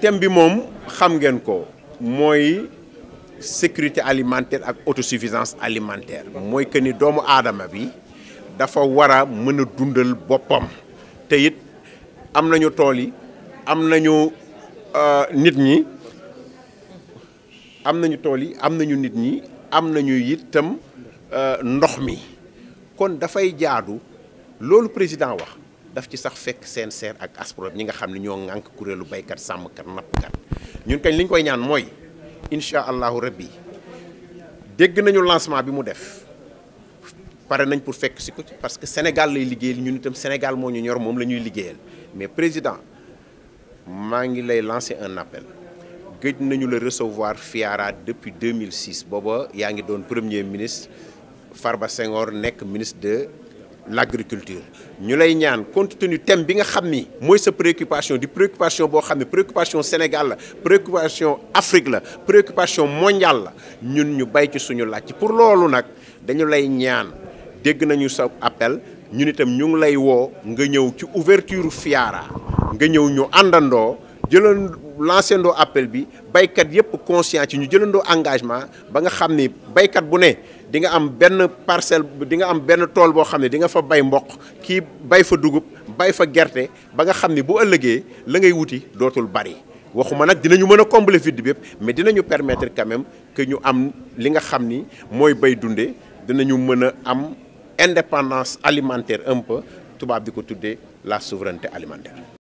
thème bi moom xam ngeen ko mooy sécurité alimentaire ak autosuffisance alimentaire mooy que ni doomu aadama bi dafa war a mën a dundal boppam te it am nañu tool yi am nañu euh, nit ñi am nañu tool yi am nañu nit ñi am nañu itam euh, ndox mi kon dafay jaadu loolu président wax daf ci sax fekk CNCR ak ASPRO ñi nga xam ne ñoo ŋànk kuréelu baykat sàmm sàmmkat nappkat ñun kañ li ñu koy ñaan mooy incha allahu rabbi dégg nañu lancement bi mu def pare nañ pour fekk si ko parce que Sénégal lay liggéeyal ñun itam Sénégal moo ñu ñor moom la ñuy liggéeyal mais président maa ngi lay lancer un appel géej nañu la recevoir FIARA depuis 2006 booba yaa ngi doon premier ministre Farba sengoor nekk ministre de. l'agriculture ñu lay ñaan compte tenu thème bi nga xam ni mooy sa préoccupation di préoccupation boo xam ne préoccupation Sénégal la préoccupation Afrique la préoccupation mondiale la ñun ñu bay ci suñu laaj pour loolu nag dañu lay ñaan dégg nañu sa appel ñun itam ñu ngi lay woo nga ñëw ci ouverture FIARA nga ñëw ñu àndandoo jëlan lanceendoo appel bi baykat yëpp conscient ci ñu jëlandoo engagement ba nga xam ni baykat bu ne di nga am benn parcelle di nga am benn tool boo xam ne di nga fa bay mboq kii bay fa dugub bay fa gerte ba nga xam ni bu ëllëgee la ngay wuti dootul bari waxuma nag dinañu mën a combler vide bi yëpp mais dinañu permettre quand même que ñu am li nga xam ni mooy bay dunde dinañu mën a am indépendance alimentaire un tubaab di ko tuddee la souveraineté alimentaire